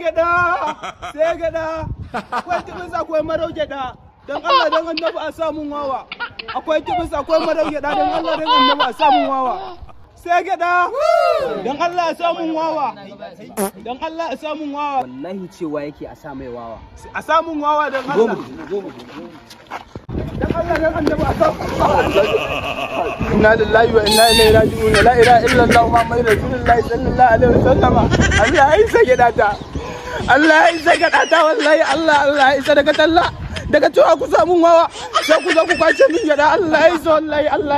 gyaɗa sai gyaɗa akwai tibis akwai marau gyaɗa don Allah don annabi a samun wawa akwai tibis akwai marau gyaɗa don Allah don annabi a samun wawa sai gyaɗa don Allah a samun wawa don Allah a samun wawa wallahi cewa yake a sa mai wawa a samun wawa don Allah don Allah don annabi a samun wawa inna lillahi wa inna ilaihi raji'un la ilaha illallah muhammadur rasulullahi sallallahu alaihi wasallama abi ai sai gidata Allah ya isa ga ɗata wallahi Allah Allah ya isa daga talla daga cewa ku samu wawa sai ku zo ku kwace min gyaɗa Allah ya isa wallahi Allah